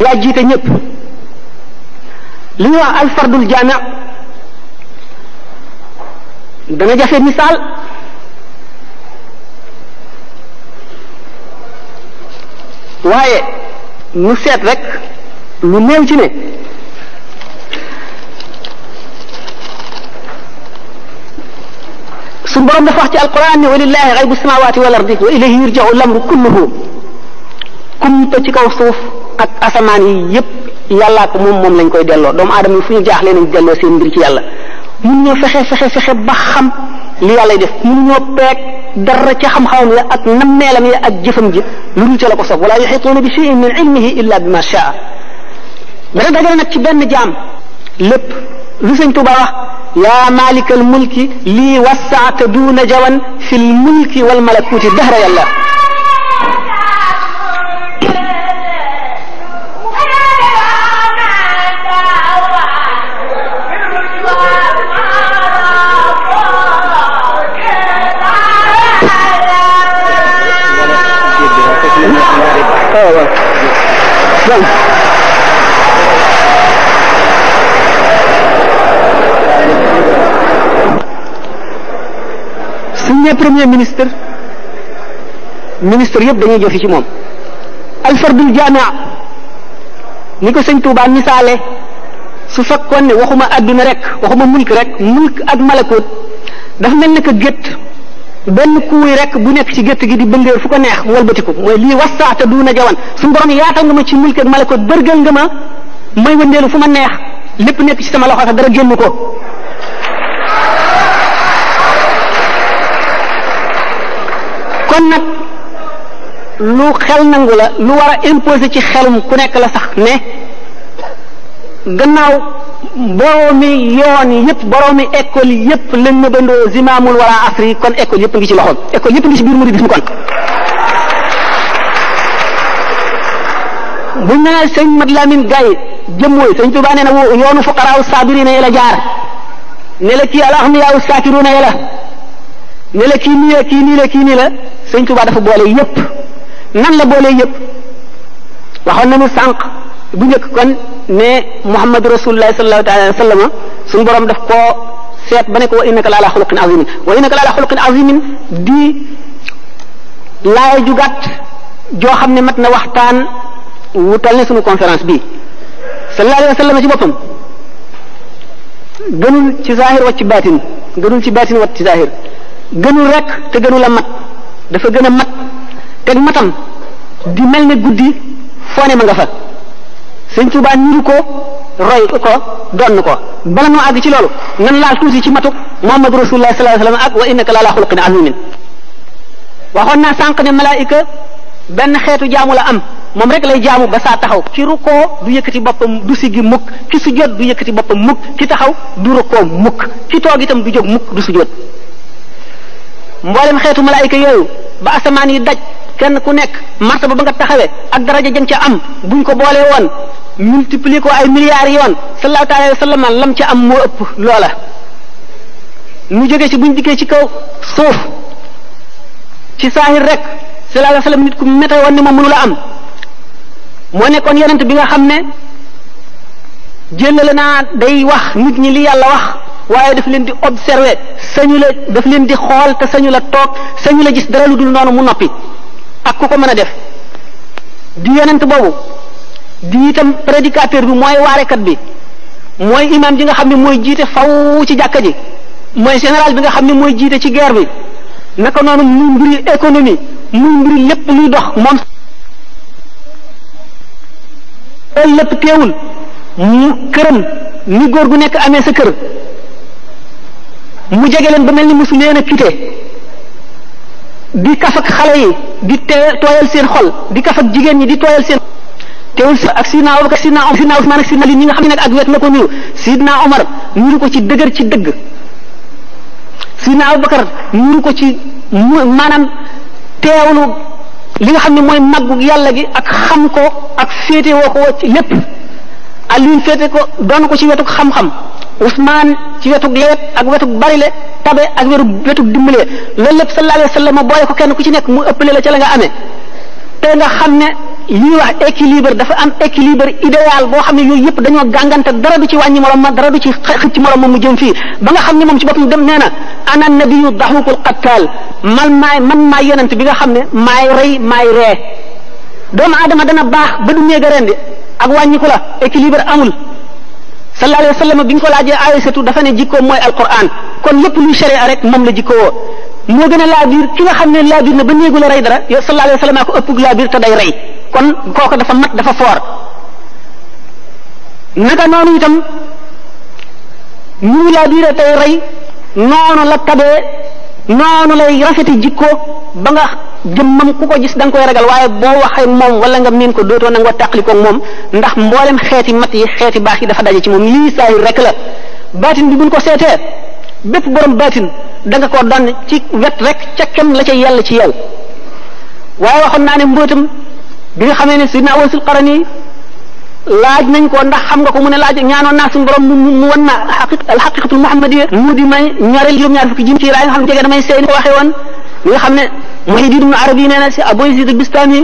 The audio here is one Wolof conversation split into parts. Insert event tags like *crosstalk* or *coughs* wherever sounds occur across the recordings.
yaa jiite ñépp li ñuy wax alfardul jaami dana jafe misaal waaye nu seet rek lu néew ci ne suñu borom dafa wax ci alquran ne walillahi xaybu samawati wal ardi wa ilayhi yurja'u lamru kulluhu kum te ci kaw suuf ak asamaan yi yépp yàllaa ko moom moom lañ koy delloo doomu aadama yi fu ñu jaaxlee nañ delloo seen mbir ci yàlla mun ñoo fexe fexe fexe ba xam li def mu ñoo peeg dara ca xam-xamam ya ak nammeelam ya ak jëfam ji lu dul ca la ko soog wala yuxituuna bi shay'in min ilmihi illa bi ma shaa dana dajale nag ci benn jaam lépp lu sëñ Tuba wax yaa maalikal li lii wasaata duuna jawan fil mulki wal malakuuti dahra yàlla xol suñ ne premier ministre ministre yëpp dañuy jëfi ci moom alfardul jamaa ni ko sëñ Tuubaa misaale su fekkoon ne waxuma àdduna rek waxuma mulk rek mulk ak malakoot dafa mel ne que benn kuuy rek bu nekk ci gétt gi di bëngéer fu ko neex mu walbatiku mooy lii wasaata duuna jawan suñu borom yaatal nga ma ci mulk ak malako bërgal nga ma may wëndeelu fu ma neex lépp nekk ci sama loxo te dara génn ko. kon nag lu xel nangu la lu war a imposer ci xelum ku nekk la sax ne gannaaw. boroomi yoon yëpp boroomi école yëpp lañ ma bandoo zimaamul wala asri kon école yëpp ngi ci loxoom école yëpp ngi ci biir muridisme kon bu ñu nee sëñ Mat Lamin Gaye jëm mooy sëñ Tuubaa nee na yoonu fuqaraaw saabiriina yi la jaar ne la kii alaxmiyaaw saakiruuna yi la ne la kii nii nii la kii nii la sëñ Tuubaa dafa boole yëpp nan la boole yëpp waxoon nañu sànq bu njëkk kon. mais muhammadu rasulullahi sallallahu taala alayhi wa sallama suñu borom daf koo seet ba ne ko wa innaka la ala xuluqin azimin wa innaka la ala xuluqin azimin di laay ju joo xam ne mat na waxtaan wu tal ne suñu conférence bi sallallahu alayhi wa ci boppam gënul ci zahir wa ci baatin gënul ci baatin wa ci zahir gënul rek te gënul a mat dafa gën a mat teg matam di mel ne guddi foo ne ma nga fa sëñ tuubaan niru ko roy ko donn ko bala moo àgg ci loolu nan laal tuuti ci matuk Muhammad Rasulullah sallallahu alayhi wa sallam ak wa innaka la ala xuluqin azimin waxoon naa sànq ne malaayika benn xeetu jaamu la am moom rek lay jaamu ba saa taxaw ki rukkoo du yëkkati boppam du siggi mukk ki sujjóot du yëkkati boppam mukk ki taxaw du rukkoo mukk ki toog itam du jóg mukk du sujjóot mboolem xeetu malaayika yooyu ba asamaan yi daj kenn ku nekk martaba ba nga taxawee ak daraja jëm ca am buñ ko boolee woon multiplier ko ay milliards yoon sallallahu alayhi wa sallam lam ca am moo ëpp loola mu jógee ci buñ dikkee ci kaw suuf ci saahir rek sallallahu alayhi wa sallam nit ku mété woon ni moom mënu la am moo nekkoon yonent bi nga xam ne jëlale naa day wax nit ñi li yàlla wax waaye daf leen di observer sañu la daf leen di xool te sañu la toog sañu la gis dara lu dul noonu mu noppi ak ku ko mën a def di yonent boobu di itam prédicateur bi mooy waarekat bi mooy imam ji nga xam ne mooy jiite faw ci jàkka ji mooy général bi nga xam ni mooy jiite ci guerre bi naka noonu muy mbiri économie muy mbiri lépp luy dox moom loolu lépp teewul mu këram ni góor gu nekk amee sa kër mu jege leen ba mel ni mosu leen a quitté di kaf xale yi di tee tooyal seen xol di kaf ak jigéen ñi di tooyal seen teewul si ak sidna Abubakar sidna Omar sidna nga xam ne ak wet la ko niru sidna Omar niru ko ci dëgër ci dëgg sidna Abubakar niru ko ci maanaam teewlu li nga xam ne mooy màggu yàlla gi ak xam ko ak féete woo ko ci lépp Alioune féete ko doon ko ci wetu xam-xam Ousmane ci wetug lewet ak bari le tabe ak weru wetug dimbale loolu lépp sallallahu alayhi wa sallam boole ko kenn ku ci nekk mu ëppale la ca la nga amee te nga xam ne li ñuy wax équilibre dafa am équilibre idéal boo xam ne yooyu yëpp dañoo gàngante dara du ci wàññi morom ma dara du ci xëcc morom ma mu jëm fii ba nga xam ne moom ci boppam dem nee na ana nabiyu daxukul qattaal man maay man maay bi nga xam ne maay rey maay ree doomu aadama dana baax ba du néeg a rendi ak wàññiku la équilibre amul sallallahu alayhi wa bi ñu ko laajee aysatu dafa ne jikkoom mooy alquran kon lépp luy a rek moom la jikkowoo moo gën a laabiir ki nga xam ne laabiir na ba néegu la rey dara yow sallallahu alayhi wa sallam ko ëpp laabiir te day rey kon kooku dafa mat dafa foor naka noonu itam ñu laabiire tey rey noonu la tabee noonu lay rafeti jikko ba nga jëmmam ku ko gis da koy ragal waaye boo waxee moom wala nga miin ko dootoo nangoo tàqalikoog moom ndax mboolem xeeti mat yi xeeti baax yi dafa daje ci moom lii saa rek la baatin bi buñ ko seetee bépp borom baatin danga nga koo donn ci wet rek ca kem la ca yàlla ci yow waaye waxoon naa ne mbootam bi nga xamee ne sidna Awasul Qarni laaj nañ ko ndax xam nga ko mu ne laaj ñaanoon naa suñu borom mu mu wan ma alxaqiqatul muhammadiya mu di ñaar fukki jim ci raay nga damay seen ko woon li nga xam ne Muhyiddin ibn Arabi nee na si Abu Yazid al-Bistami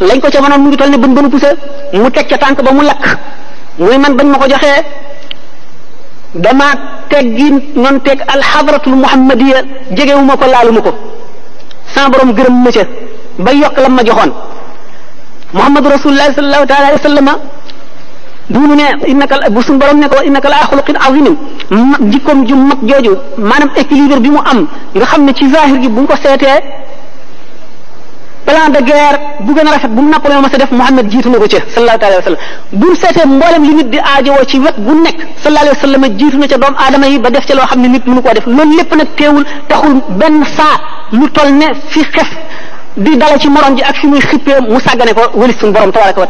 lañ ko ca mënoon mu ngi toll ne bën bënu pousa mu teg ca tànk ba mu lakk muy man bañ ma ko joxee dama teg giin noon teg alxadratul muhammadiya jegewu ma ko laalu ma ko sans borom gërëm ma ca ba yokk lam ma joxoon Muhammadu Rasulullah sallallahu taala alayhi wa sallama bi mu ne innaka bu suñu borom ne ko innaka la xuluqin azimin jikkoom ju mag jooju maanaam équilibre bi mu am nga xam ne ci zahir gi bu ñu ko seetee plan de guerre bu gën a rafet bu Napoléon ma sa def Muhammad jiitu na ko ca sallallahu alayhi wa sallam bu ñu seetee mboolem li nit di aajowoo ci wet bu nekk sallallahu alayhi wa sallam jiitu na ca doomu aadama yi ba def ca loo xam ne nit mënu koo def loolu lépp nag teewul taxul ban saa lu tol ne fi xef di dala ci morom ji ak fi muy xippee mu sàggane ko wëlis suñu tabaraka wa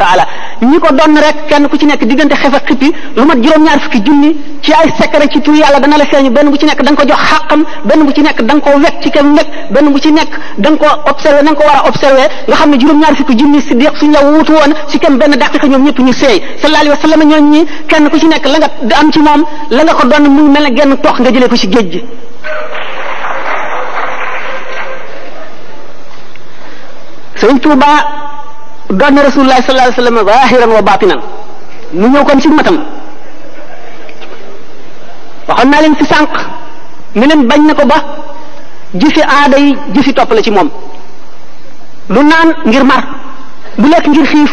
ñi ko doon rek kenn ku ci nekk diggante xef ak xippi lu mat juróom-ñaar fukki junni ci ay la feeñu benn bu ci nekk ko jox xàqam benn nekk da nga ci kem benn bu nekk da ko observé xam ne juróom-ñaar fukki junni si diq suñu la wuutu woon ñoom ñëpp ñu seey sallallahu alayhi wa ñoom ñi kenn ku ci nekk la nga am ci moom la nga ko doon muy mel ne genn toox nga jëlee ko ci géej gi sëriñ Touba doon na rasulullah sallallahu alayhi wasallam zahiran wa batinan mu ñëw kon ci matam waxoon naa leen fi sànq mi leen bañ na ko ba jëfi aada yi jëfi topp la ci moom lu naan ngir mar du lekk ngir xiif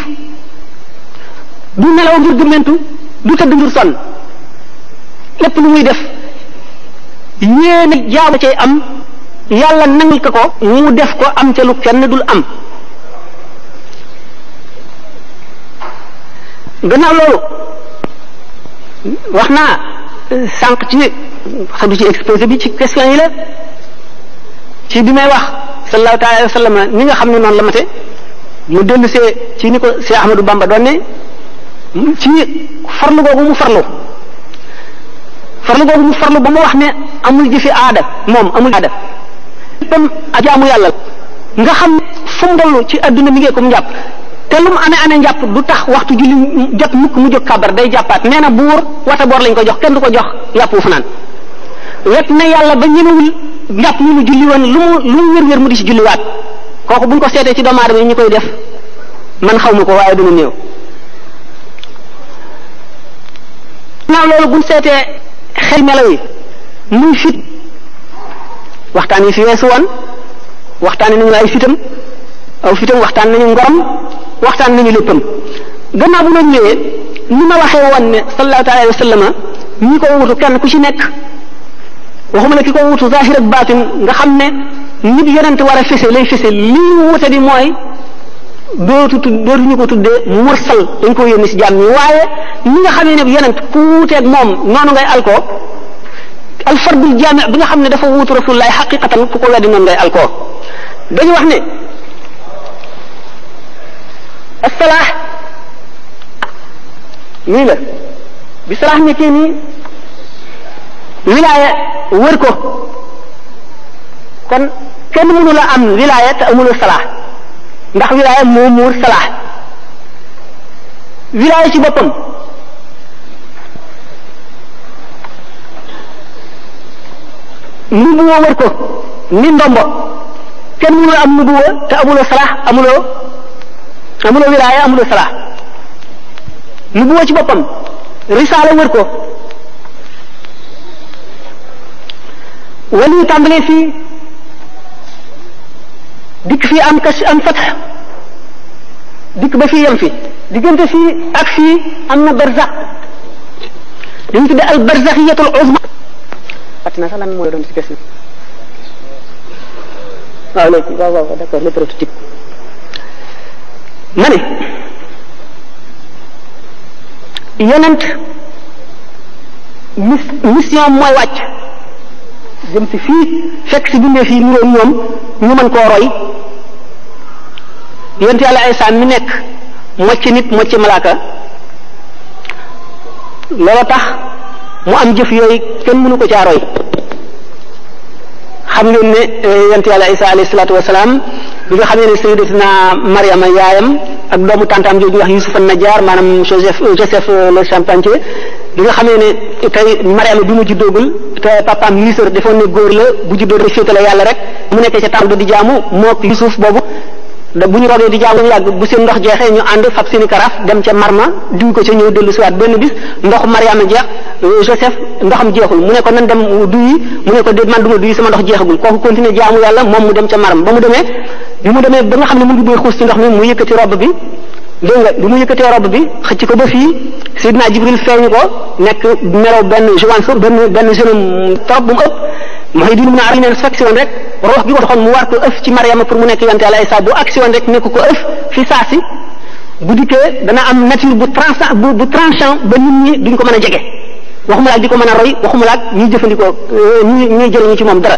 du nelaw ngir gëmmentu du tëdd ngir sonn lépp lu muy def yéen a jaamu cay am yàlla nangul ko ko mu def ko am ca lu kenn dul am gannaaw loolu wax naa sànq ci xadu ci exposé bi ci question yi la ci bi may wax sallallahu taala alayhi wa sallam ni nga xam ne noonu la mate mu dellu see ci ni ko Cheikh Ahmadou Bamba doon ne ci farlu googu mu farlu farlu googu mu farlu ba mu wax ne amul jëfi aada moom amul aada tam a jaamu yàlla nga xam fu mu dollu ci adduna mi ngeekum njàpp te lu mu amee amee njàpp du tax waxtu julli jot mukk mu jóg kabar day jàppaat nee na buur wata lañ ko jox kenn du ko jox yàpp wu fanaan wet na yàlla ba ñemewul njàpp ñu mu julli woon lu mu lu di si julliwaat kooku buñ ko seetee ci doomu aadama ñu koy def man xaw ma ko waaye dana néew. naaw loolu buñ seetee xel melaw yi muy fit waxtaan yi fi weesu woon waxtaan nañu ay fitam aw fitam waxtaan nañu ngorom. waxtaan nañu léppam gannaaw bu loolu ñëwee ni ma waxee woon ne sallallahu taala a wa sallama ñi ko wutu kenn ku ci nekk waxuma la ki ko wutu zahir ak baatin nga xam ne nit yonent war a fese lay fese li wute di mooy dootu tudd dootu ñu ko tuddee mursal dañ ko yónni ci jaam ñi waaye ñi nga xam ne ne yonent ku wuuteeg moom noonu ngay al ko alfardul bi nga xam ne dafa wutu rasulullahi xaqiqatan ku ko weddi noonu ngay al dañu wax ne assalaax lii la bi salaax nekkee nii wilaaya wër ko kon kenn mënu la am wilaaya te amuloo salaax ndax wilaaya moo muur salaax wilaaya ci boppam nubuwa wër ko ni kenn mënu la am nubuwa te amuloo salaax amuloo amuloo wilaaya amuloo salaa nu bu ci boppam risaala wër ko wali tàmbalee fii dikk fii am kas am fatx dikk ba fii yem fi diggante fii ak fii am na barzaq li ñu tudde al barzaxiyatul uzma fàtt naa sax lan mooy doon si kes bi waaw léegi ma ne yonent mis mission mooy wàcc jëm si fii fekk si bindee fii niroon ñoom ñu mën koo roy yonent yàlla Isaa mi nekk mocc nit mocc malaaka loolu tax mu am jëf yooyu kenn mënu ko caa roy xam ngeen ne eh, yent yàlla isa alayhi salaatu wasalaam bi nga xamee ne sayyidatina mariama yaayam ak doomu tantam jooju wax yusuf an najaar maanaam joseph eh, joseph eh, le charpentier bi nga xamee ne tey mariama bi mu juddoogul te papaam yusuf defoon ne góor la bu ci rek féetale yàlla rek mu nekkee ca tàmbali di jaamu mook yusuf boobu da bu ñu roogee di jaamu yàgg bu seen ndox jeexee ñu ànd fab seeni karaaf dem ca marma diw ko ca ñëw dellu siwaat benn bis ndox mariama jeex Joseph ndoxam jeexul mu ne ko nan dem mu ne ko déet man du ma duyi sama ndox jeexagul kooku continuer jaamu yàlla moom mu dem ca maram ba mu demee bi mu demee ba nga xam ne mu ngi bëgg xuus ci ndox mi mu yëkkati robb bi dégg nga bi mu yëkkatee robb bi xëcc ko ba fii Seydina Jibril feeñu ko nekk melaw benn joance benn benn jeune trop bu mu ëpp a ar neen su fekk si rek roox gi mu war ko ëf ci Mariama pour mu nekk yonte Yàlla Isaa bu ak rek nekk ko ëf fi saa si bu dikkee dana am nature bu tranchant bu tranchant ba nit ñi duñ ko mën a jege waxumala ak di ko mën a roy waxumala ak ñuy jëfandikoo euh, ñuy ñuy jëriñu ci moom dara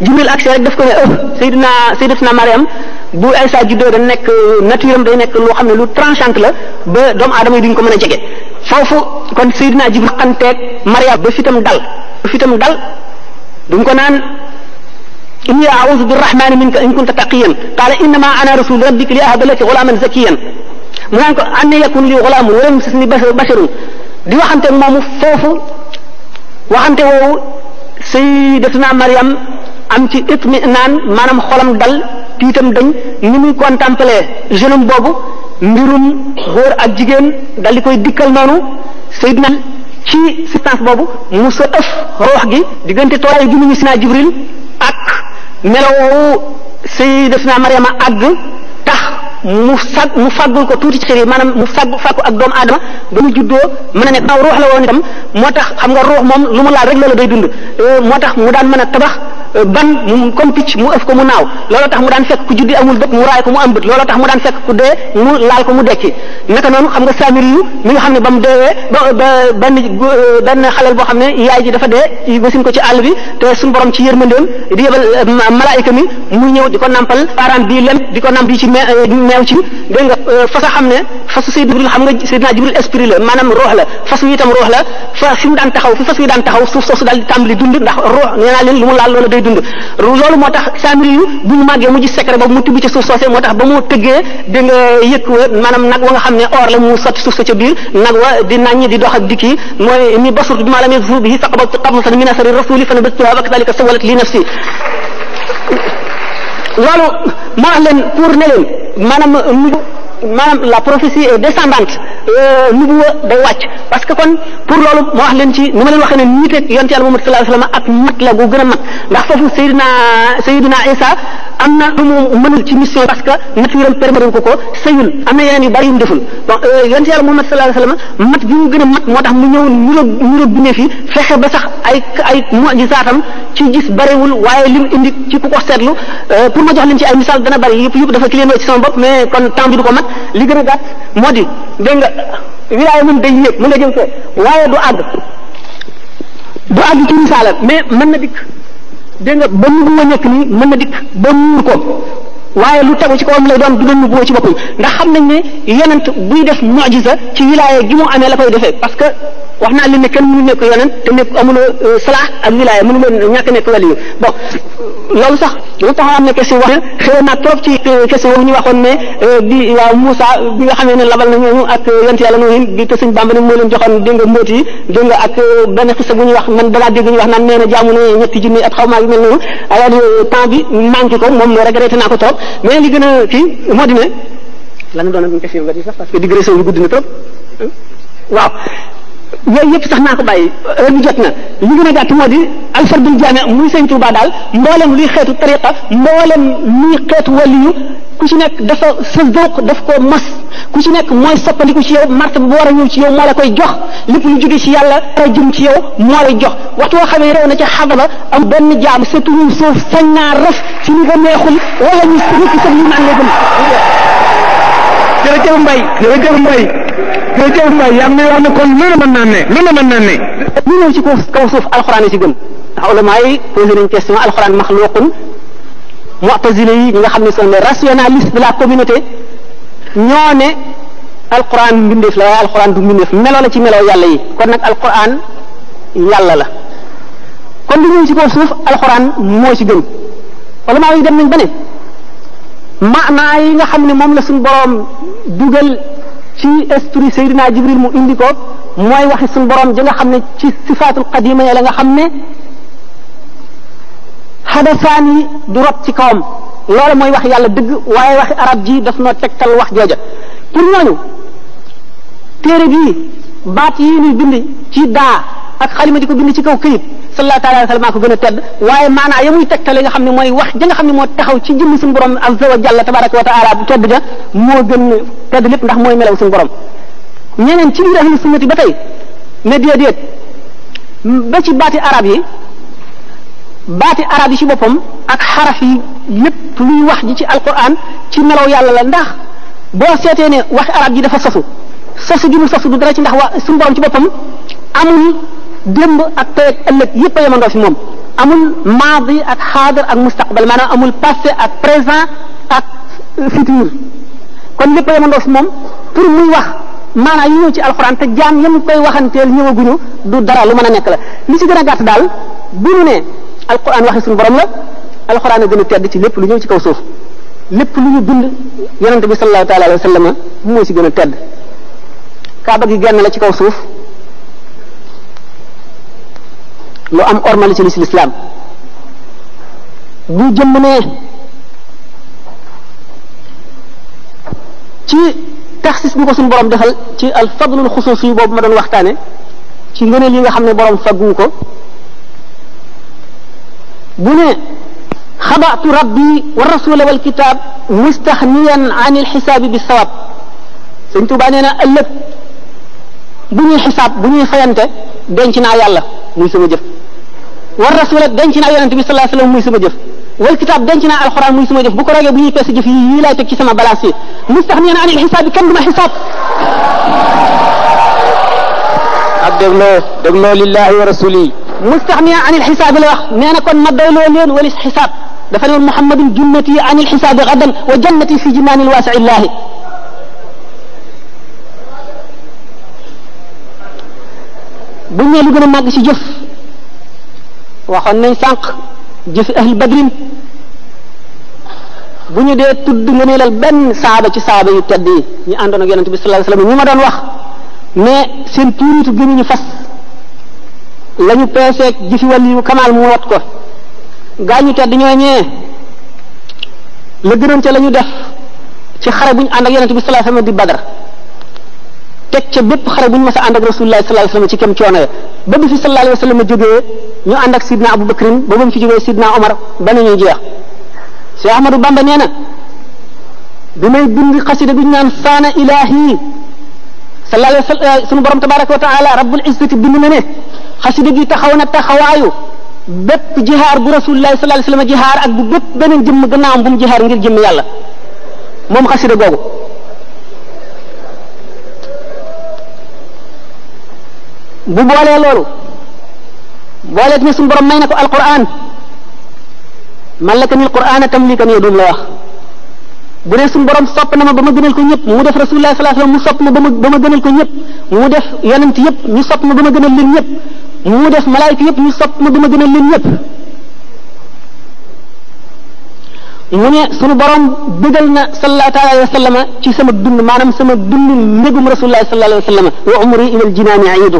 jibril agsi rek daf ko ne oh bu Isa juddoo da nekk nature am day nekk loo xam ne lu tranchant la ba doomu aadama yi duñ ko mën a jege foofu kon sayyidina jibril xanteeg mariam ba fitam dal ba fitam dal duñ ko naan inni a'udhu birrahmani minka in kunta taqiyan qala innama ana rasul rabbika li ahaba laki ghulaman zakiyan mu naan ko anna yakun li ghulamun wa lam yamsasni basharun di waxante moomu foofu waxante woowu sayyidatuna mariam am ci naan maanaam xolam dal tiitam dañ ni muy contemplé jeune homme boobu mbirum góor ak jigéen dal di koy dikkal noonu Seydina ci substance boobu mu sa ëf roox gi diggante tooy gi mu ngi Seydina Jibril ak def naa Sayyidatuna Maryama àgg tax mu sag mu faggul ko tuuti ci xir yi maanaam mu fàggu fàggu ak doomu aadama ba mu juddoo mën a nekk ruux la woon itam moo tax xam nga ruux moom lu mu laal rek loola day dund moo tax mu daan mën a tabax Euh, ban mu comme picc mu ëf ko mu naaw looloo tax mu daan fekk ku juddi amul bët mu raay ko mu am bët looloo tax mu daan fekk ku dee mu laal ko mu dekki naka noonu xam nga saamir yu nga xam ne ba deewee ba ba benn euh, benn boo xam ne yaay ji dafa dee basin ko ci àll bi te suñu borom ci yërmandeem di yebal euh, malaayika mi muy ñëw di ko nampal parent bii lem di ko namp bi ci meew ci dégg nga a xam ne fasu Seydina Jibril xam nga Jibril esprit la maanaam roox la fas ngay dund loolu moo tax saamiri yu bu ñu màggee mu gis secret ba mu tibb ci suuf soosé moo tax ba mu tëggee di nga yëkk wa nag wa nga ne or la mu sotti suuf sa nag wa di naññi di dox ak dikki mooy mi basurtu bi maa lam yasur bihi faqabaltu qabdatan min asari rasuli fa nabastuha wa kadhalika sawalat li nafsi loolu moo leen pour ne leen maanaam maanaam la prophétie est descendante euh, niveau day wàcc parce que kon pour loolu moo wax leen ci ni ma leen waxee ne nit ak yonent yàlla Muhammad sallallahu alayhi wasallam ak mat la gu gën a mat ndax foofu am na lu mu mënul ci mission parce que nature am permettre ko ko sëyul am na yeneen yu bari yu mu deful donc euh, yonent yàlla Muhammad sallallahu alayhi mat gi mu gën a mat moo tax mu ñëw niroo niroo bindee fi fexe ba sax ay ay mu'jizaatam ci gis barewul waaye li mu indi ci ku ko seetlu euh, pour ma jox leen ci ay misaal dana bari yëpp kon temps ko mat li gën a gàtt moo di dégg nga wilaaya moom day yéeg mën nga jëm fee waaye du àgg du àgg ci misaala mais mën na dikk dégg nga ba mu bu nekk nii mën na dikk ba muur ko waaye lu tegu ci am lay doon du doon nubuwa ci boppam ndax xam nañ ne yonent buy def mujiza ci wilaaya gi mu amee la koy defee parce que wax naa leen ne kenn mënu nekk yonent te nekk amuloo euh, salaa ak wilaaya mënu leen ñàkk nekk waliyu bon loolu sax lu taxawaam ne question wax xëy na trop ci question euh, boobu ñu waxoon ne euh, di waaw Moussa bi nga xamee ne labal na ñooñu ak yonent yàlla noonu moo leen joxoon dégg nga mbóot yi dégg nga wax man dalaa dégg ñu wax naan nee na jaamu ne ñetti junni at xaw maa yu mel noonu alors temps bi manqué ko moom regretté naa ko trop mais li gën a kii moo di ne lan doon ak question sax parce que digression bi gudd waaw yooyu yëpp sax naa ko bàyyi heure bi jot na li gën a gàtt moo di alfardul jaami muy sëñ Tuuba daal mboolem luy xeetu tariqa mboolem luy xeetu waliyu ku ci nekk dafa sa dooq daf ko mas ku si nekk mooy soppaliku ci yow marte bu war a ci yow moo la koy jox lépp lu jóge ci yàlla war a ci yow moo lay jox waxtu woo xamee rew na ca xadaba am benn jaam sa mu suuf sañ naa raf ci ñu ko neexul wala ñu rëkk sa ñu naan la jërëjëf Mbaye yaa ngi wax ne kon lu ne mën naa ne lu ne mën naa ne. ñu ñëw ci kaw suuf alxuraan yi ci gëm ndax ulama yi posé nañ question alxuraan maxluqun mu'tazila yi nga xam ne sont les de la communauté ñoo ne alxuraan mbindeef la waaye alxuraan du mbindeef melo la ci melo yàlla yi kon nag alxuraan yàlla la kon lu ñëw ci kaw suuf alxuraan moo ci gën ulama yi dem nañ ba ne maanaa yi nga xam ne moom la suñu borom dugal. ci esprit Seydina Jibril mu indiko ko mooy waxi suñu borom ji nga xam ne ci sifaatul qadima ya la nga xam ne xadasaan yi du rob ci kawam loolu mooy wax yàlla dëgg waaye waxi arab ji daf noo tegtal wax jooja pour ñooñu téere bii baat yi ñuy bind ci daa ak xalima di ko bind ci kaw kayit sallallahu alayhi wa ko gën a tedd waaye maanaa ya muy tegtale nga xam ne mooy wax ja xam ne moo taxaw ci jëmmi suñu borom azza wa jalla tabaraka wa taala bu tedd moo gën tedd lépp ndax mooy melaw suñu borom ñeneen ci biir ahlu sunnati ba tey ne déedéet ba ci baati arab yi baati arab yi ci boppam ak xaraf yi lépp luy wax ji ci alquran ci melaw yàlla la ndax boo seetee ne wax arab ji dafa sosu sosu gi mu sosu du dara ci ndax waa suñu borom ci boppam amul démb ak tey ak ëllëg yëpp a yemandoo moom amul maadi ak xaadar ak mustaqbal maanaam amul passé ak présent ak futur kon lépp a yemandoo fi moom pour muy wax maanaam yu ñëw ci alxuraan te jaam yam koy waxanteel ñëwaguñu du dara lu mën a nekk la li si gën a gàtt daal bu ñu ne alxuraan waxi suñu borom la alxuraan a gën a tedd ci lépp lu ñëw ci kaw suuf lépp lu ñu bind yonente bi sallallahu taala alayhi wa sallam mooy ci gën a tedd kaaba gi genn la ci kaw suuf lu am ormal ci lislaam bu jëmm ne ci taxsis bu ko suñu borom defal ci al fadlul xusuus yi boobu ma doon waxtaane ci ngëneel yi nga xam ne borom faggu ko bu ne xabaatu rabbi wa rasula wal kitaab mustaxniyan an il xisaabi bi sawab sëñ Tuubaa na ëllëg bu ñuy xisaab bu ñuy fayante denc naa yàlla muy sama jëf war rasula denc naa yonente bi sallallahu alayhi wasallam muy sama jëf wal kitaab denc naa alxuraan muy sama jëf bu ko roogee bu ñuy peese jëf yi yii laay teg ci sama balance yi mustaxniyan anil xisaab bi kenn du ma xisaab ak dégloo dégloo lillahi wa rasuli mustaxniyan anil xisaab la wax nee na kon ma doyloo leen walis xisaab dafa ne woon muhammadun junnati anil xisaabi gadan wa jannati fi jinaanil waasiillahi bu ñu lu gën a màgg ci jëf waxoon nañ sànq gis ahl badrin bu ñu dee tudd nga neelal benn saaba ci saaba yu tedd yi ñu àndoon ak yonente bi sallallahu alayhi wasallam ñu ma doon wax mais seen tuuritu gëmuñu fas la ñu peeseeg gisi wàllu yu kamaal mu wat ko gaa ñu tedd ñoo ñee la gënoon ca la ñu def ci xare bu ñu ànd ak yonente bi sallallahu alayhi di badar teg ca bépp xare bu ñu mas a ànd ak rasulullah sallallahu alayhi wasallam ci kem coono ya ba bi fi sallallahu alayhi wasallam jógee ñu ànd ak sidna Abu Bakrin ba ba mu fi jógee sidna Omar ba nañu jeex Cheikh Ahmadou Bamba nee na bi may bind xasida bi ñu naan saana ilahi sallallahu alayhi wasallam eh, sunu borom tabaraka wa taala rabbul izzati bind na ne xasida gi taxaw na taxawaayu bépp jihaar bu rasulullah sallallahu alayhi wasallam jihaar ak bu bépp beneen jëmm gannaawam bu mu jihaar ngir jëmm yàlla moom xasida googu bu boolee loolu booleeg ne suñu borom may na ko alquran mallaka ni alquran tamlikan yadum la wax bu dee suñu borom sopp na ma ba ma gënal ko ñëpp mu def rasulullah sallallahu alayhi wasallam mu sopp ma ba ma ba ma gënal ko ñëpp mu def yonent yëpp ñu sopp ma ba ma gënal leen ñëpp mu def malaayika yëpp ñu sopp ma ba ma gënal leen ñëpp mu ne suñu borom bëggal na sallallahu taala alayhi wa sallama ci sama dund maanaam sama dund mbégum rasulullah sallallahu alayhi wa sallama wa umri ilal jinaani aidu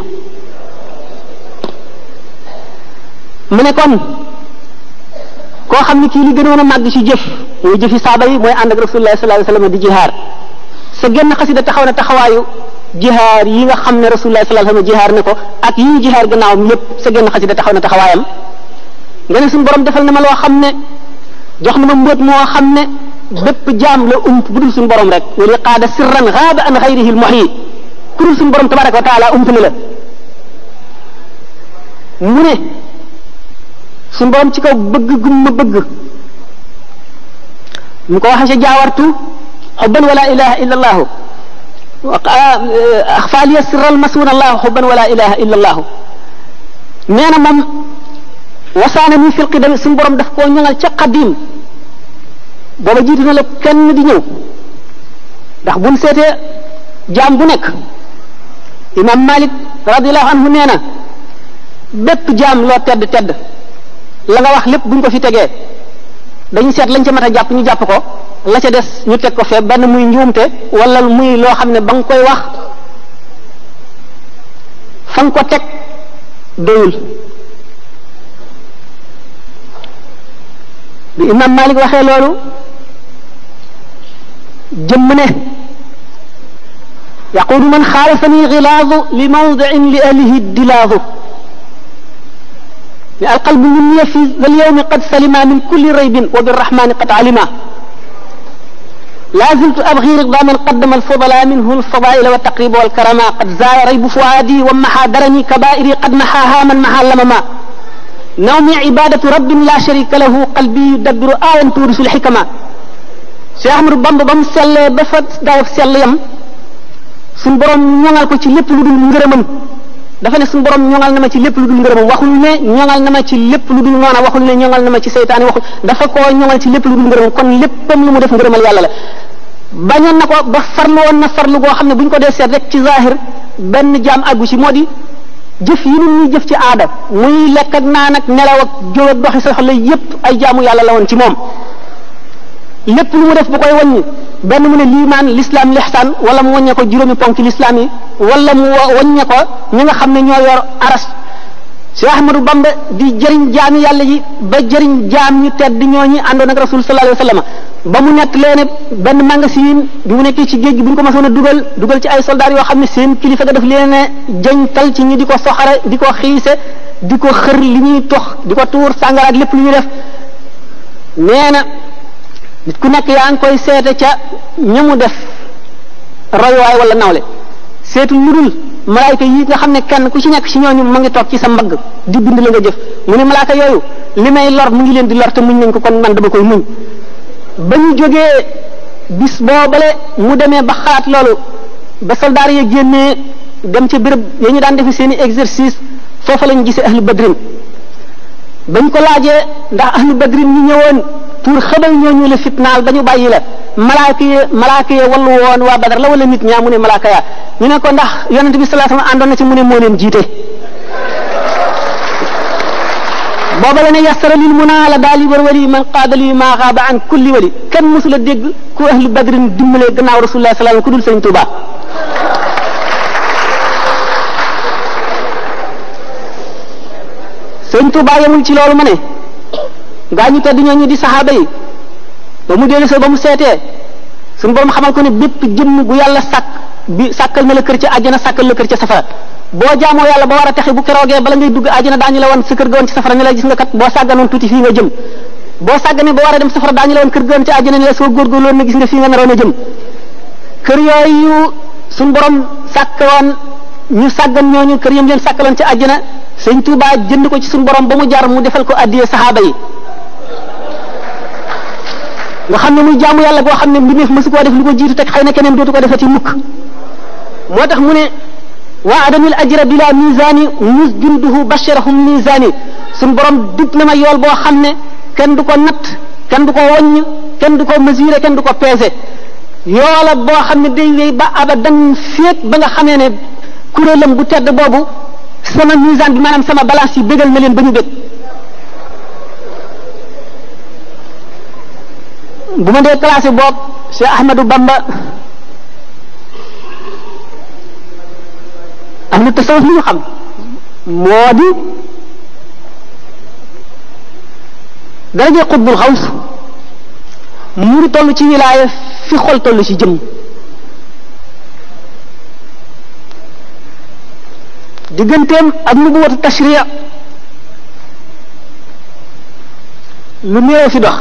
mu ne kon koo xam ne kii li gënoon a màgg ci jëf mooy jëfi saaba yi mooy ànd ak rasulullah sallallahu alayhi wasallam di jihaar sa genn xasida taxaw na taxawaayu jihaar yi nga xam ne rasulullah sallallahu alayhi wasallam jihaar na ko ak yi ñu jihaar gannaawam yépp sa genn xasida taxaw na taxawaayam nga ne suñu borom defal na ma loo xam ne jox na ma mbóot moo xam ne bépp jaam la ump bu dul suñu borom rek wali qaada sirran gaaba an xayrihi lmuhyi ku dul suñu borom tabaraka wa taala ump na la mu ne suñu borom ci kaw bëgg gum bëgg mu ko waxee si jaawartu xubban wala ilaha illa allahu ah, faaliya sirral masuuna allahu xubban wala ilaha illa allahu nee wasaana mi fil qidami suñu borom daf koo ñangal ca qadim booba jiitu na la kenn di ñëw ndax buñ seetee jaam bu nekk imam malik radiallahu anhu nee na bépp jaam loo tedd tedd la nga wax lépp buñ ko fi tegee dañu seet lañ ca mat a jàpp ñu jàpp ko la ca des ñu teg ko fee benn muy njuumte wala muy loo xam ne ba nga koy wax fa nga ko teg doyul bi imam malik waxee loolu jëmm ne yaquulu man xaalafani xilaadu li mawdiin li ahlihi dilaadu ne alqalbu min niya fi zal yawmi qad salima min kulli raybin wa birrahmani qad alima laa ziltu abghi ridaman qaddama alfudala minhu alfadaila wa taqriba walkarama qad zaaya raybu fuaadi wa maha darani kabairi qad mahaha man maha lamama nawmi ibadatu rabbin la sharika lahu qalbi yudabbiru ayan tuurisul xikama Cheikh Ahmadou Bamba ba mu sellee ba fa dayab sell yam suñ borom ñoŋal ko ci lépp lu dul ngërëmam dafa ne suñu borom ñoŋal na ma ci lépp lu dul ngërëmam waxul ne ñoŋal na ma ci lépp lu dul noona waxul ne ñoŋal na ma ci seytaane waxul dafa koo ñoŋal ci lépp lu dul ngërëmam kon léppam lu mu def ngërëmal yàlla la bañoon na ko ba farlu woon na farlu goo xam ne bu ñu ko dee seet rek ci zahir benn jaam àggu ci moo di jëf yi nu muy jëf ci aada muy lekk naa nag ak nelaw ak jóg ak doxi sa soxla yépp ay jaamu yàlla la woon ci moom lépp lu mu def bu koy wàññi benn mu ne liimaan lislaam lixsaan wala mu wàññee ko juróomi ponk lislaam yi wala mu wàññee ko ñi nga xam ne ñoo yor aras si Ahmadu Bamba di jëriñ jaami yàlla yi ba jëriñ jaam ñu tedd ñoo ñi àndoon nag rasul sallallahu alayhi ba mu nekk leen benn magasin bi mu nekkee ci géej gi bu ñu ko mësoon a dugal dugal ci ay soldats yoo xam ne seen kilifa ga daf leen jëñtal ci ñi di ko soxare di ko xiise di ko xër li ñuy tox di ko tuur sàngara ak lépp lu ñuy def nit ku nekk yaa ngi koy seete ca ñu mu def roywaay wala nawle seetu lu dul malaayka yi nga xam ne kenn ku ci nekk ci ñooñu mu ngi toog ci sa mbagg di bind la nga jëf mu ne malaayka yooyu li may lor mu ngi leen di lor te muñ nañ ko kon man dama koy muñ ba ñu jógee bis boobale mu demee ba xalaat loolu ba soldaar ya génnee dem ca béréb ya ñu daan defe seen i exercice foofa lañ gisee ahlu badrin bañ ko laajee ndax ahlu badrin ñu ñëwoon pour xamal ñooñu la fitnaal ba ñu bàyyi la malaaka yi wallu woon waa badar la wala nit ñaa mu ne ya ñu ne ko ndax yonent bi sallallahu alayhi wasallam àndoon na ci mu ne moo leen jiite booba la ne yasara lil munaa la daal yi war wali man qaadali maa xaaba an kulli wali kenn mosula dégg ku ahlu badrin dimbalee gannaaw rasulullah sallallahu alayhi wasallam ku dul sëñ Tuubaa sëñ ci loolu ma gaa ñu tedd ñu di saxaaba yi ba mu dellu sa ba mu seetee suñu borom xamal ko ne bépp jëmm bu yàlla sàkk bi sàkkal na la kër ca àjjana sàkkal la kër ca safara boo jaamoo yàlla ba a texe bu keroogee bala ngay dugg àjjana daañu la woon sa kër ga woon ci safara gis nga kat boo sàgganoon tuuti fii nga jëm boo sàgganee ba war a dem safara daañu la woon kër ga woon ci àjjana ni la soo góorgóorloon na gis nga a kër yooyu suñu borom sàkk woon sàggan ñooñu kër yam leen sàkkaloon ci àjjana sëñ Tuubaa jënd ko ci suñu borom ba mu jar mu defal ko addiyee saxaaba yi nga xam ne muy jaamu yàlla goo xam ne mu mbindeef mësu ko def lu ko jiitu teg xëy na keneen dootu ko defati mukk moo tax mu ne waa adamil ajra bila misani mus junduhu bashirahum misani suñ borom dug na ma yool boo xam ne kenn du ko natt kenn du ko waññ kenn du ko mesurer kenn du ko peser yoola boo xam ne day wéy ba abadan féet ba nga xamee ne kuréelam bu tedd boobu sama misaan bi maanaam sama balance yi bégal na leen ba ñu bég bu ma dee classé boog Cheikh Ahmadou Bamba am na tasawuf ñu xam moo di daraje xutbul xaws mu ngi toll ci wilaaya fi xol toll ci jëm digganteem ak nu bu watu tashriya lu néew fi dox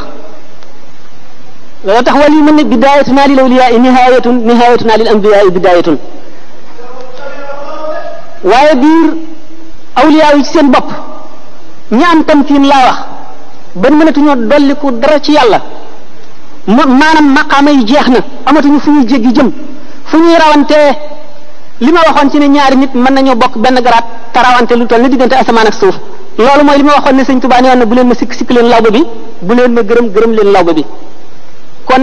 loolu tax wali mën ne bidaayatunaa lil awliyaa nihaayatun nihaayatunaa lil anbiyaa bidaayatun waaye biir awliyaa yi ci seen bopp ñi am tamkiin laa wax ban mënatuñoo dolliku dara ci yàlla maanaam maqaama yi jeex na amatuñu fu ñuy jéggi jëm fu ñuy rawantee li ma waxoon ci ne ñaari nit mën nañoo bokk benn garaat te rawante lu toll ne diggante asamaan ak suuf loolu mooy li ma waxoon ne sëñ Tuubaa ne woon na bu leen ma sikk sikk leen lawba bi bu leen ma gërëm gërëm leen lawba bi kon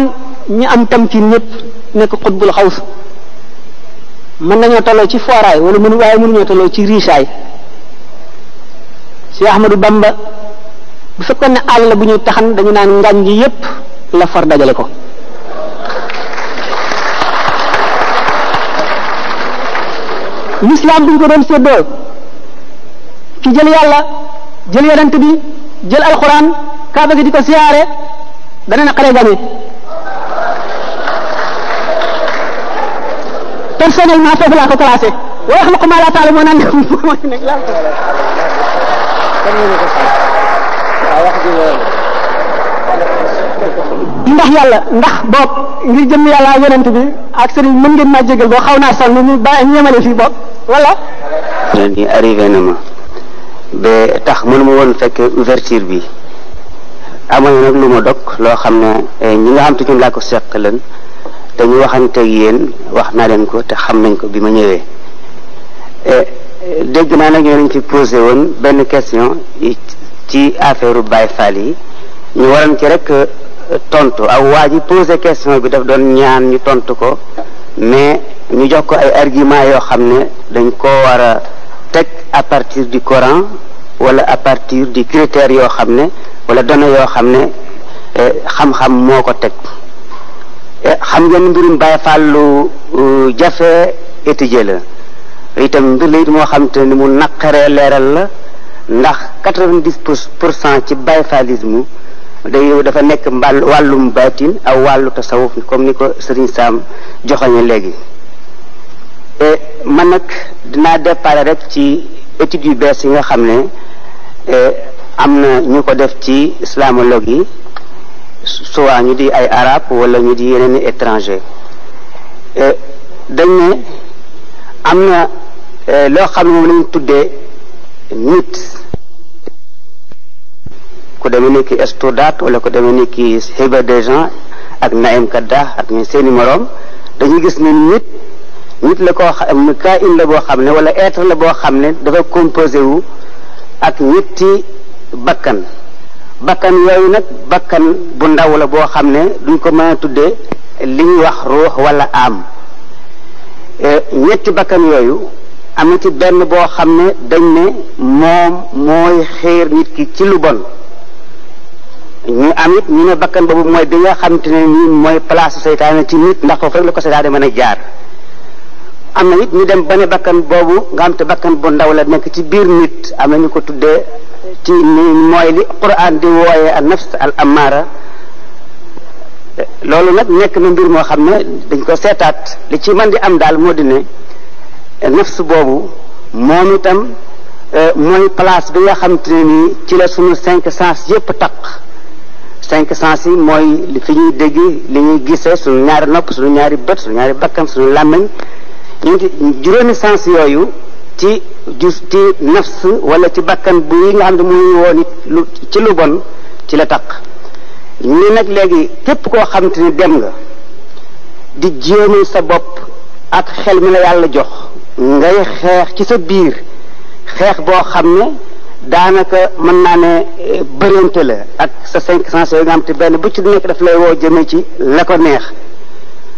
ñi am tamkin ñëpp nekk xutbul xaws mën nañoo tolloo ci fooraay wala mënu waaye mënuñoo tolloo ci riisaay si Ahmadou Bamba bu fekkoon ne àll bu ñu taxan dañu naan ngaañ gi yépp la far dajale ko lislaam duñ ko doon séddoo ki jël yàlla jël yonent bi jël alxuraan kaaba gi di ko siyaare dana na xare gañe personnellement foofu laa ko classé wa yaxluqu ma la ta'lamuuna moo naan *laughs* moo ci nekk laa ndax yàlla ndax boog ngir jëm yàlla ak yonent bi ak sëriñ mën ngeen maa jégal boo xaw naa sonn ñu ba ñu yemale fii boog wala. ni arrivé na ma ba tax mënu ma woon fekk ouverture bi amoon nag lu ma dog loo xam ne eh, ñi nga xam te ñun laa ko seq leen te ñu waxanteeg yéen wax naa leen ko te xam nañ ko bi ma ñëwee eh, dégg naa nag ñoo leen ci posé woon benn question ci affaire Baye Fall yi ñu waroon ci rek eh, tontu aw waa ji posé question bi daf doon ñaan ñu tontu ko mais ñu jox ko ay argument yoo xam ne dañ ko war a teg à partir du Coran wala à partir du critères yoo xam ne wala données yoo xam ne eh, xam-xam moo ko teg xam ngeen mbirum Baye Fall lu jafe étudier la itam mbir la it moo xam te ni mu naqaree leeral la ndax quatre vingt pour cent ci Baye Fallisme day dafa nekk mbal wàllum baatin aw wàllu tasawuf comme ni ko Serigne Sam joxoñe léegi man nag dinaa départ rek ci études yu bees yi nga xam ne eh, am na ñu ko def ci islamologue yi soit ñu di ay arab wala ñu di yeneen i étranger eh, dañ ne am na eh, loo xam ne moom lañ tuddee nit ku demee ni ki Stodart wala ku demee ni ki Hiba Dejan ak Naim Kadah ak ñu seeni moroom dañuy gis ne nit nit la koo xam kaa in la boo xam ne wala être la boo xam ne dafa composé wu ak ñetti bakkan bakkan yooyu nag bakkan bu ndaw la boo xam ne duñ ko mën a tuddee li ñuy wax ruux wala am eh, ñetti bakkan yooyu am na ci benn boo xam ne dañ ne moom mooy xeer nit ki ci lu bon ñu am it ñu ne bakkan boobu mooy bi nga xam te ne nii mooy place seytaane ci nit ndax foofu rek la ko seytaane mën a jaar am na it ñu dem ba ne bakkan boobu nga xam te bakkan bu ndaw la nekk ci biir nit am na ñu ko tuddee ci mooy li Qur'an di wooye an nafs al amara loolu nag nekk na mbir moo xam ne dañ ko seetaat li ci mën di am daal moo di ne nafs boobu moom itam euh, mooy place bi nga xam ne ci la sunu cinq sens yépp taq cinq sens yi mooy li fi ñuy dégg li ñuy gisee suñu ñaari nopp suñu ñaari bët suñu ñaari bakkan suñu làmmiñ ñu juróomi sens yooyu ci gis ci nafs wala ci bàkkan bu nga xam ne muy woon it lu ci lu bon ci la taq ni nag léegi képp koo xam ni ne dem nga di jéemal sa bopp ak xel mi la yàlla jox ngay xeex ci sa biir xeex boo xam ne daanaka mën naa ne eh, bërante la ak sa cinq cent yooyu nga xam te benn bu ci nekk daf lay woo jëme ci la ko neex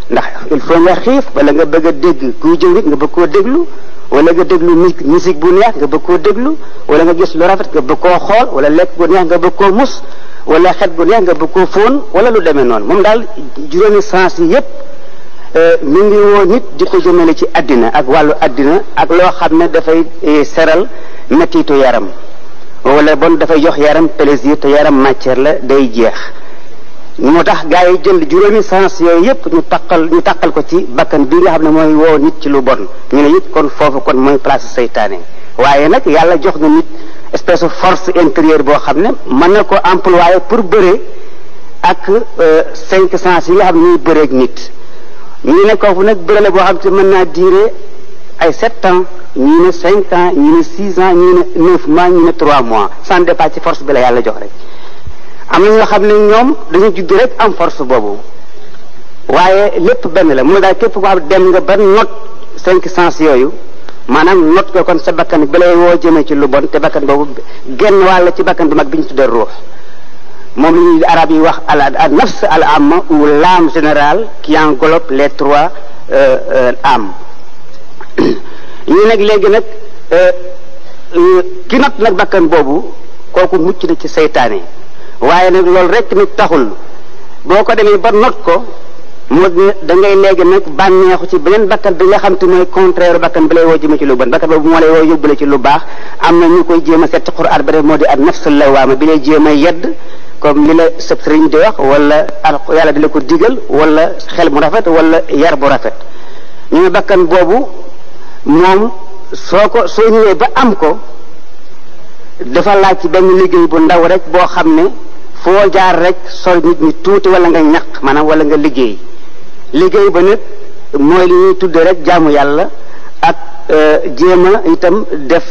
ndax il faut nga xiif wala nga bëgg a dégg kuy jëw nga bëgg koo déglu wala nga déglu musique bu neex nga bëgg koo déglu wala nga gis lu rafet nga bëgg koo xool wala lekk gu neex nga bëgg koo mus wala xet gu neex nga bëgg koo fóon wala lu demee noonu moom daal juróomi sens yi yépp euh, mi ngi woon nit di ko jëmale ci àddina ak wàllu àddina ak loo xam ne dafay euh, seral mettitu yaram wala bon dafay jox yaram plaisir te yaram matière la day jeex moo tax gaa yi jël juróomi sens yooyu yëpp ñu taqal ñu taqal ko ci bakkan bi nga xam ne mooy woo nit ci lu bon ñu ne yëpp kon foofu kon mooy place seytaane waaye nag yàlla jox na nit espèce force intérieure boo xam ne mën na ko employé pour bëree ak euh, cinq sens yi nga xam ne ñuy bëree ak nit ñu ne kooku nag bëre la boo xam ne mën naa durer ay sept ans ñu ne cinq ans ñu ne six ans ñu ne neuf mois ñu ne trois mois sans départ ci force bi la yàlla jox rek am na ñoo xam ne ñoom dañu judd rek am force boobu waaye lépp benn la mu ne daal képp ko xam dem nga ba not cinq sens yooyu maanaam not ko kon sa bakkan bi lay woo jëmee ci lu bon te bakkan boobu genn wàll ci bakkan bi mag bi ñu tuddee ruux moom li ñuy arab yi wax al nafs al amma ou l'âme générale qui englobe les trois euh, euh, âmes ñu *clears throat* nag léegi nag euh, ki not nag bakkan boobu kooku mucc na ci seytaane waaye nag loolu rek nit taxul boo ko demee ba not ko mu da ngay léegi nag bànneexu ci beneen bakkan bi nga xam te mooy contraire bakkan bi lay woo jëme ci lu bon bakkan boobu moo lay woo yóbbule ci lu baax am na ñu koy jéem a seet ci xuraan ba def moo di at nafsul lawaama bi lay jéem a yedd comme li la sëb sëriñ di wax wala yàlla di la ko diggal wala xel bu rafet walla yar bu rafet ñu ne bakkan boobu moom soo ko soo ñëwee ba am ko dafa laaj ci benn liggéey bu ndaw rek boo xam ne foo jaar rek sori nit ñi tuuti wala nga ñaq maanaam wala nga liggéey liggéey ba nag mooy li ñuy tudde rek jaamu yàlla ak euh, jéem a itam def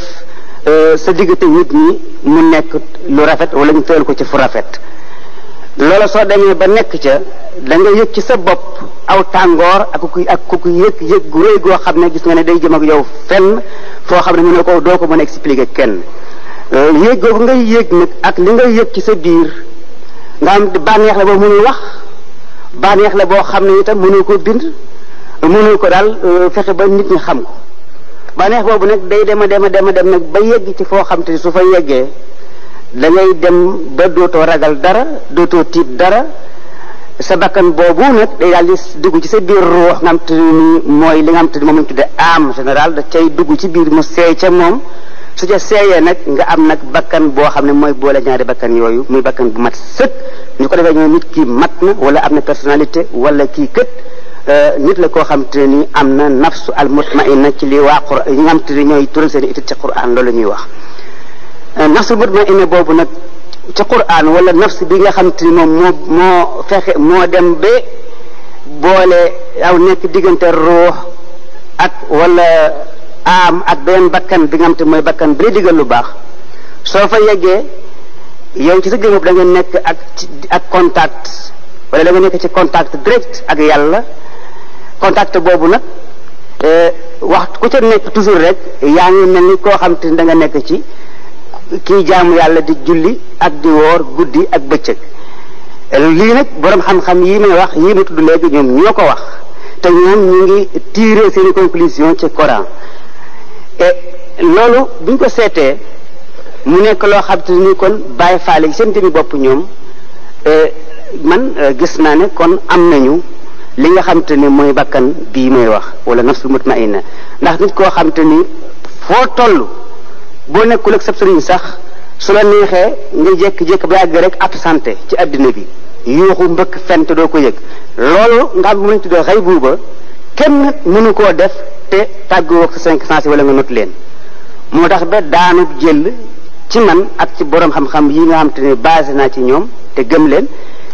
euh, sa diggante nit ñi mu nekk lu rafet wala ñu tëral ko ci fu rafet loola soo demee ba nekk ca da nga yëg ci sa bopp aw tàngoor ak ku ak ku ku yëg yëg gu rëy goo xam ne gis nga ne day jëm ak yow fenn foo xam ne mu ne ko doo ko mën a expliquer kenn euh, yéeg googu ngay yéeg nag ak li ngay yëg ci sa biir nga am bànneex la boo mënul wax bànneex la boo xam ne itam mënul ko bind mënul ko daal euh, fexe ba nit ñi xam ko bànneex boobu nag day dem dem dem a dem nag ba yegg ci foo xam te su fa yeggee da dem ba dootoo ragal dara dootoo tiit dara sa bakkan boobu nag day daal di dugg ci sa biir ruux nga te ni mooy li nga xam te ni moom lañ am général da cay dugg ci biir mu seey ca moom su ca seeyee nag nga am nag bakkan boo xam ne mooy boole ñaari bakkan yooyu muy bakkan bu mat sëkk ñu ko defee ñoo nit kii mat na wala am na personnalité wala kii kët euh, nit la koo xam te ni am na nafsu al mutmainna ci li waa Qur'an ñi nga xam te ni ñooy ñuy wax euh, nafsu mutmainna boobu nag ci Qur'an wala nafs bi nga xam te ni moom moo moo fexe moo dem ba boole aw nekk diggante ruux ak wala aam ak beneen bakkan bi nga xam te mooy bakkan bi la digal lu baax soo fa yeggee yow ci sa jëmm da nga nekk ak ak contact wala da nekk ci contact direct ak yàlla contact boobu nag eh, wax ku ca nekk toujours rek yaa ngi mel ni koo xam te danga nekk ci kii jaamu yàlla di julli ak di woor guddi ak bëccëg lii nag boroom xam-xam yii may wax yii ma tudd léegi ñoom ñoo ko wax te ñoom ñu ngi tirer seen conclusion ci Coran. te loolu buñ ko seetee mu nekk loo xam te ni kon bàyyi faale yi seen jëmi bopp ñoom euh, man euh, gis naa ne kon am nañu li nga xam te ne mooy bakkan bii may wax wala nafsul na ndax nit koo xam te ni foo toll boo nekkul ak sab sëriñ sax su la neexee nga jékki-jékki ba yàgg rek absenté ci àddina bi yuuxu mbëkk fent doo ko yëg loolu nga xam mu lañ tuddee xëy buuba kenn mënu koo def te tàggoo ak cinq sens wala nga not leen moo tax ba daanu jël ci man ak ci boroom xam-xam yi nga xam te ne basé naa ci ñoom te gëm leen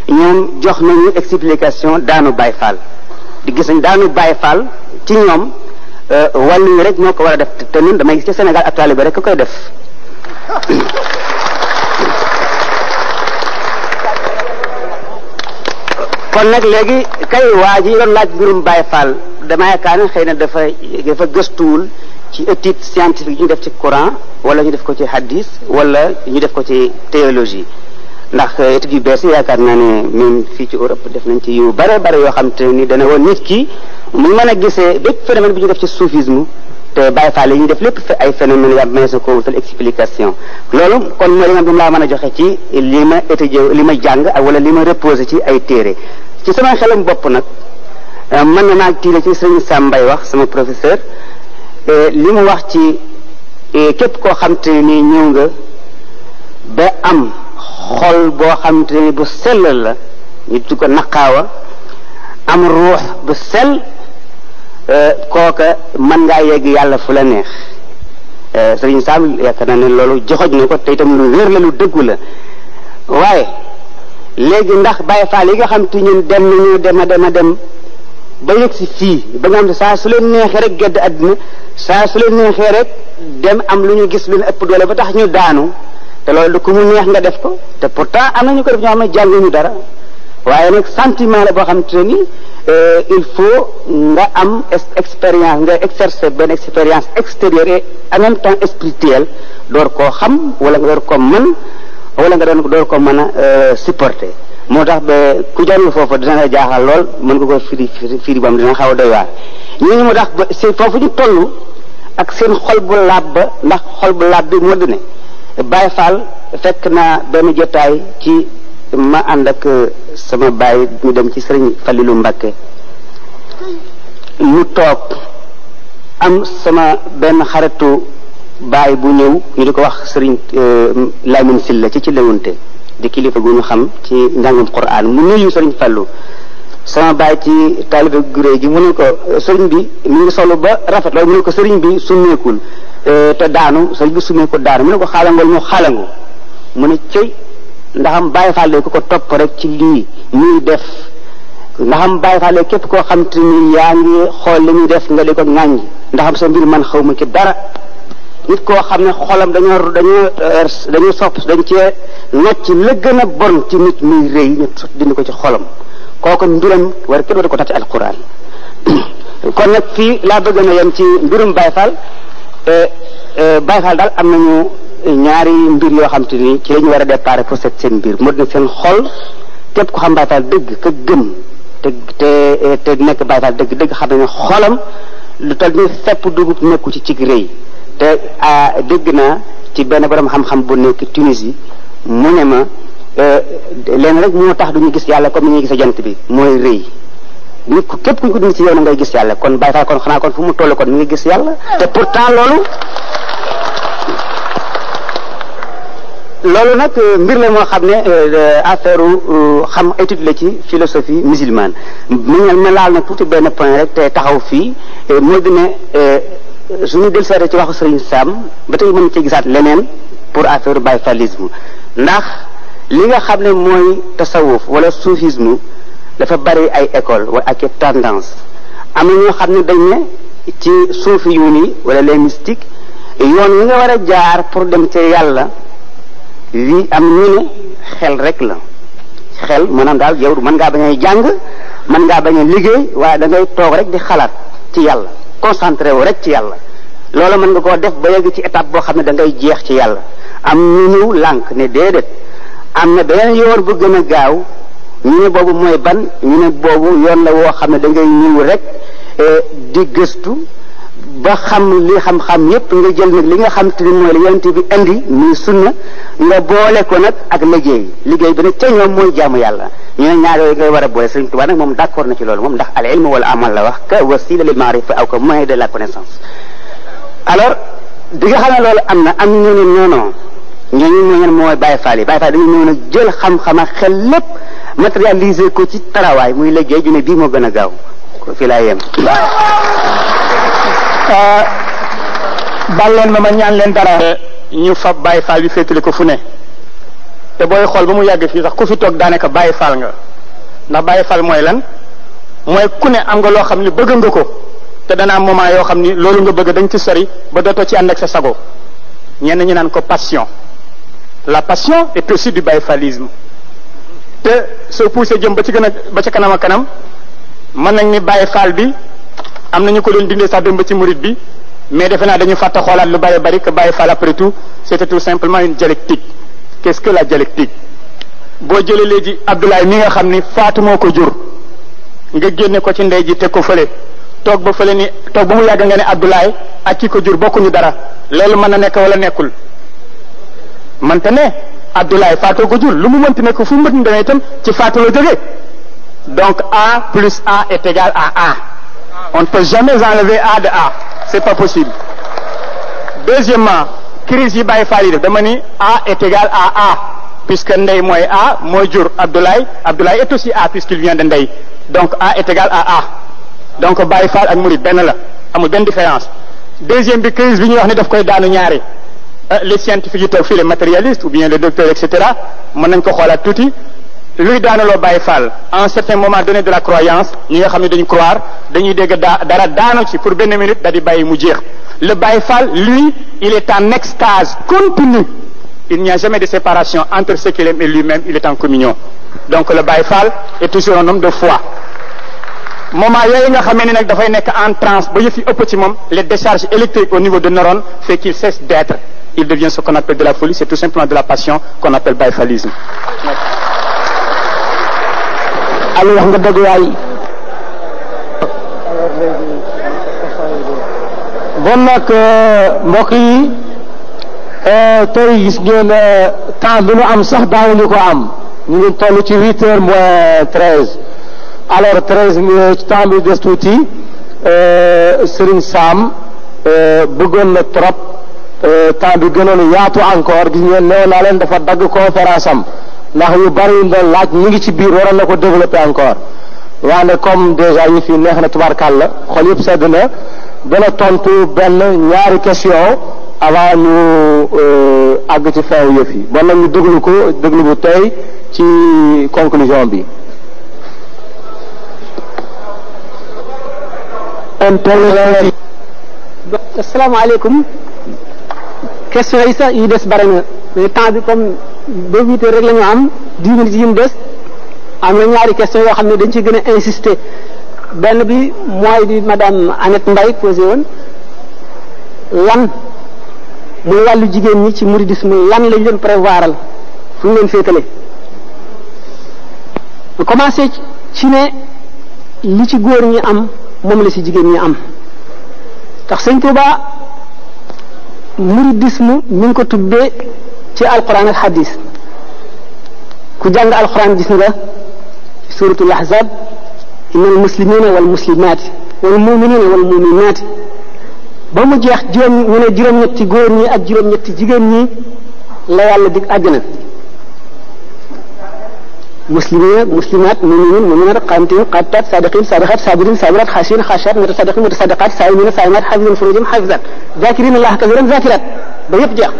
ñoom jox nañu explication daanu Baay Faal di gis nañ daanu Baay Faal ci ñoom euh, wàllu rek ñoo ko war a def te ñun damay gis ci Sénégal ab taalibe rek ko koy def *coughs* kon nag léegi kay waa ji doon laaj mbirum Baay Faal dama yaakaar ne xëy na dafa dafa gëstuwul ci étude scientifique ñu def ci Coran wala ñu def ko ci hadis wala ñu def ko ci théologie ndax euh, études yu bees yi yaakaar naa ne même fii ci Europe def nañ ci yu bare bare yoo xam te ni dana woon nit ki mu mën a gisee bépp phénomène bi ñu def ci soufisme te Baay Faal yi ñu def lépp ay phénomène yu am mënees ko wutal explication loolu kon mooy li nga xam laa mën a joxe ci li ma étudié li ma jàng ak wala li ma ci ay téere ci sama xelam bopp nag Euh, mën na naa tiire ci sëñ Sam bay wax sama professeur euh, li mu wax ci euh, képp koo xam te nii ñëw nga ba am xol boo xam te ni bu sell la ñu du ko naqaawa am ruux bu sell kooka mën ngaa yegg yàlla fu la neex sëriñ Sam yaakaar na ne loolu joxoj na ko te itam lu wér la lu dëggu la waaye léegi ndax Baye Fall yi nga xam te ñun dem nañu dem a dem ba yegg si fii ba nga xam saa su leen neexee rek gedd àddina saa su leen neexee rek dem am lu ñu gis lu ñu ëpp doole ba tax ñu daanu te loolu du ku mu neex nga def ko te pourtant am ñu ko def ñoo xam ne jànguñu dara waaye nag sentiment la boo xam te ni euh, il faut nga am expérience nga exercer benn expérience extérieure et en même temps spirituelle door koo xam wala nga door ko mën wala nga doon door ko mën a euh, supporter moo tax ba ku jàngul foofa dina la jaaxal lool mën nga ko firi firi bam dina xaw a doy waar ñooñu mu tax ba foofu ñu toll ak seen xol bu laab ba ndax xol bu laab bi mu di ne Baye Fall fekk naa benn jotaay ci ma ànd ak euh, sama baay ñu dem ci sëriñ Falilou Mbakke mu toog am sama benn xaritu baay bu ñëw ñu di ko wax sëriñ euh, Lamine Silla ci ci lewunte di kilifa gu ñu xam ci njàngum Qur'an mu nuyu sëriñ Fallou sama baay ci taalibe guré gi mu ne ko sëriñ bi mu ngi solo ba rafet loolu mu ne ko sëriñ bi summeekul euh, te daanu sëriñ bi summeekul daanu mu ne ko xaalangool mu xaalangu mu ne cëy ndaxam Baay Faal ku ko topp rek ci lii muy def ndaxam Baay Faal képp koo xam te ni yaa ngi xool li muy def nga di ko ŋàññi ndaxam sa mbir man xaw ma ci dara nit koo xam ne xolam dañoo dañoo euh, dañoo sopp dañ cee nocc la gën a bon ci nit muy rëy ñu dindi ko ci xolam kooku mbiram war kenn war ko tati alquran *coughs* kon nag fii laa bëgg na yem ci mbirum Baye Fall euh, euh, Baye Fall daal am nañu ñaari mbir yoo xam te ni ci la ñu war a déparé pour set seen mbir moo di seen xol képp ku xam Baye Fall dëgg ka gëm te te te nekk Baye dëgg dëgg xam ne xolam lu toll ni fepp dugub nekku ci cig rëy te dégg naa ci benn borom xam-xam bu nekk Tunisie mu ne ma euh, leen rek moo tax duñu gis yàlla comme ni ñuy gis jant bi mooy rëy nit ku ku ñu ko dund na ngay gis yàlla kon Baay Faal kon xanaa kon fu mu toll kon mi ngi gis yàlla te pourtant loolu loolu nag euh, mbir la moo xam ne euh, affaire xam étude la ci philosophie musulmane ma laal na tuuti benn point rek te taxaw fii moo di ne suñu del seete ci waxu sëriñ Sam ba tey mën ci gisaat leneen pour affaire bayfalisme ndax li nga xam ne mooy tasawuf wala soufisme dafa bari ay école wala ak tendance am na ñoo xam ne dañ ne ci suufi yuun yi wala les mystiques yoon yi nga war a jaar pour dem ca yàlla wi am ñu ne xel rek la xel maanaam daal yow mën ngaa bañ jàng mën ngaa bañ liggéey waaye dangay toog rek di xalaat ci yàlla concentré wu rek ci yàlla loola mën nga koo def ba yegg ci étape boo xam ne dangay jeex ci yàlla am ñu ñëw lànk ne déedéet am na beneen yoon bu gën a gaaw ñu ne boobu mooy ban ñu ne boobu yoon la woo xam ne dangay ngay ñëw rek eh, di gëstu ba xam li xam-xam yépp nga jël nag li nga xam te ni mooy la yonent bi indi muy sunna nga boole ko nag ak yi liggéey bi ne ca ñoom mooy jaamu yàlla ñu ne ñaar ngay war a boole Sëriñ Tuubaa nag moom d'accord na ci loolu moom ndax al ilm wala amal la wax ka wasila lil maarifa aw ka moyen de la connaissance alors bi nga xam ne am na am ñu ne noonoo ñooñu ñooñu mooy Baye Fall yi Baye Fall dañu jël xam-xam ak xel lépp matérialiser ko ci tarawaay muy liggéey ju ne bii moo gën a gaaw ko fi laa yem Euh, bal leen ma ma ñaan leen dara euh, ñu fab bàyyi Fall bi féetale ko fu ne te booy xool ba mu yàgg fii sax ku fi toog daanaka Baye Fall nga ndax Baye Fall mooy lan mooy ku ne am nga loo xam ni bëgg nga ko te dana am moment yoo xam ni loolu nga bëgg dañ ci sori ba dootoo ci ànd ak sa sago ñenn ñu naan ko passion la passion est aussi du bayfalisme te soo poussé jëm ba ci gën a ba ci kanam a kanam mën nañ ni bayfal bi am na ñu ko doon dindee sax dem ba ci murid bi mais defe naa dañu fàtta xoolaat lu bari bari que Baye Fall après tout c'était tout simplement une dialectique qu'est-ce que la dialectique boo jëlee léegi Abdoulaye mi nga xam ni faatu ko jur nga génne ko ci ndey ji teg ko fële toog ba fële ni toog ba mu yàgg nga ne Abdoulaye ak kii ko jur bokkuñu dara loolu mën na nekk wala nekkul mënta ne Abdoulaye faatoo ko jur lu mu mënti nekk fu mu mënti demee itam donc A plus A On ne peut jamais enlever A de A. C'est pas possible. Deuxièmement, crise yi Baye Fall yi def dama ni A est égal à A puisque ndey mooy A mooy jur Abdoulaye Abdoulaye est aussi A puisqu'il vient de Ndeye donc A est égal à A donc Baye Fall ak Mouride benn la amul benn différence. deuxième bi crise bi ñuy wax ne daf koy daanu ñaari euh, les scientifiques yi toog fii les ou bien le docteurs et cetera mën nañ ko xoolaat tuuti luy loo Baye Fall en certain moment donné de la croyance ñi nga xam ne dañu croire dañuy dégg daa dara daanu ci pour benn minute da bay bàyyi mu jeex le Baye Fall lui il est en extase continue il n'y a jamais de séparation entre ce qu'il aime et lui-même il est en communion donc le Baye Fall est toujours un homme de foi moment yooyu dafay nekk en transe ba yëf moom les décharges électriques au niveau de neurones fait qu'il cesse d'être il devient ce qu'on appelle de la folie c'est tout simplement de la passion qu'on appelle ali wax nga dëgg waay bon nag euh, mbokk yi euh, tey gis ngeen euh, temps bi am sax daawuñu ko am ñu ci huit heures moins treize alors bi des tuuti Serigne Sam bëggoon na trop temps bi gënoon yaatu encore gis ngeen nee naa leen dafa dagg conférence ndax yu bari yu doon laaj ñu ngi ci biir waroon na ko développer encore waaye ne comme déjà yi fi neex na tubaarkàl la xol yëpp sedd na dana tontu benn ñaari question avant ñu euh, àgg ci fin yëf yi bon nag ñu déglu ko déglu bu tey ci conclusion bi ba huit heures rek la am di minutes yi des am na ñaari question yoo xam ne dañ ci gën a insister benn bi mooy bi madame Annette Mbaye posé woon lan muy wàllu jigéen ñi ci mouridisme lan lañ leen prévoiral fu ñu leen féetale mu commencé ci ne li ci góor ñi am moom la ci jigéen ñi am tax sëñ Tuubaa mouridisme mi ngi ko tuddee ci alquran ak xadis ku jàng alquran gis nga suratul ahzab inna al muslimina wal muslimaati wal muminina wal muminaati ba mu jeex juróom ñu ne juróom-ñetti góor ñi ak juróom-ñetti jigéen ñi la yàlla dig àjjana muslimina muslimaat muminin muminat qaanitiin qaanitaat saadiqin saadiqaat saabiriin saabiraat xaashiin xaashaat mutasaadiqiin mutasaadiqaat saayimiina saayimaat xaafiziin furuujaat xaafizaat zaakiriina allaha kasiiran zaakiraat ba yëpp jeex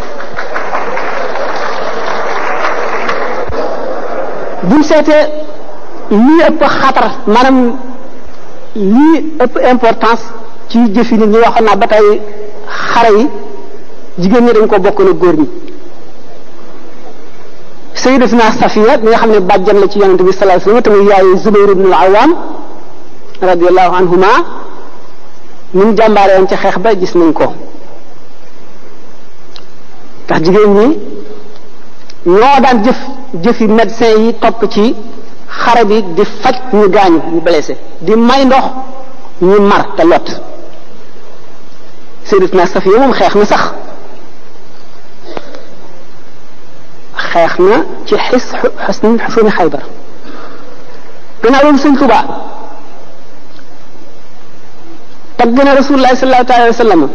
buñ seetee lii ëpp xatar maanaam lii ëpp importance ci jëfi nit ñi waxoon naa ba tey xare yi jigéen ñi dañ ko bokk na góor ñi sayyidatuna Safiya mi nga xam ne bàjjan la ci yonent bi sallallahu alayhi wa sallam tamit yaayu Zubayr ibn al-Awwam radiyallahu anhuma ni mu jàmbaare ci xeex ba gis nañ ko ndax jigéen ñi ñoo daan jëf jëfi médecin yi topp ci xare bi di faj ñu gaañu ñu blessé di may ndox ñu mar te lot Sayyidatuna Safiya moom xeex na sax xeex na ci xis xusni xusuni Xaybar gannaaw loolu Sëñ Tuubaa tagg na Rasulullahi sallallahu alayhi wa sallam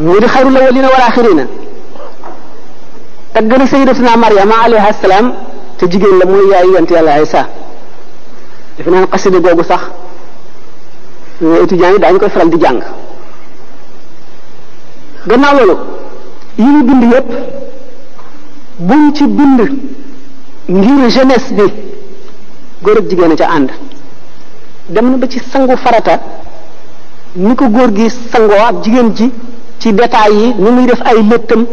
mu di xayrul awwalina wal axirina tagg na sayyidatuna Maryama alayha salaam te jigéen la mooy yaay yonent ay Isa defe naa xasida googu sax étudiants yi daañu koy faral di jàng gannaaw loolu yi ñu bind yépp buñ ci bind ngir jeunesse bi góor ak jigéen a ca ànd dem na ba ci sangu farata ni ko góor gi sangoo ab jigéen ji ci détails yi ni muy def ay lëttam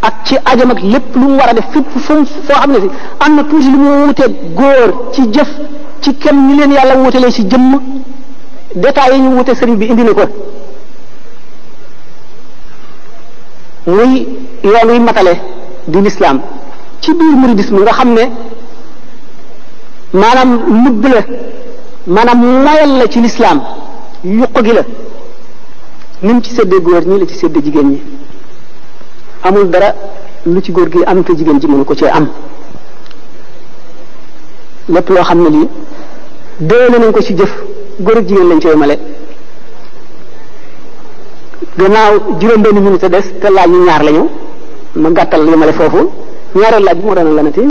ak ci ajama ak lépp lu mu war a def fépp fu mu foo xam ne fi am na tuuti lu mu wutee góor ci jëf ci kenn ñu leen yàlla wutalee ci jëmm détails yi ñu wute sëriñ bi indi na ko muy yoon wi matale di lislaam ci biir muridisme nga xam ne maanaam lubb la maanaam mayal la ci lislaam yuq gi la ni ci séddee góor ñi la ci sedd jigéen ñi amul dara lu ci góor gi am te jigéen ji mënu ko cee am lépp loo xam ne lii déwéne nañ ko ci jëf góor ak jigéen lañ cee male gannaaw juróom benn minute a des te laaj ñu ñaar lañu ma gàttal li ma le foofu ñaareel laaj bi moo doon lanati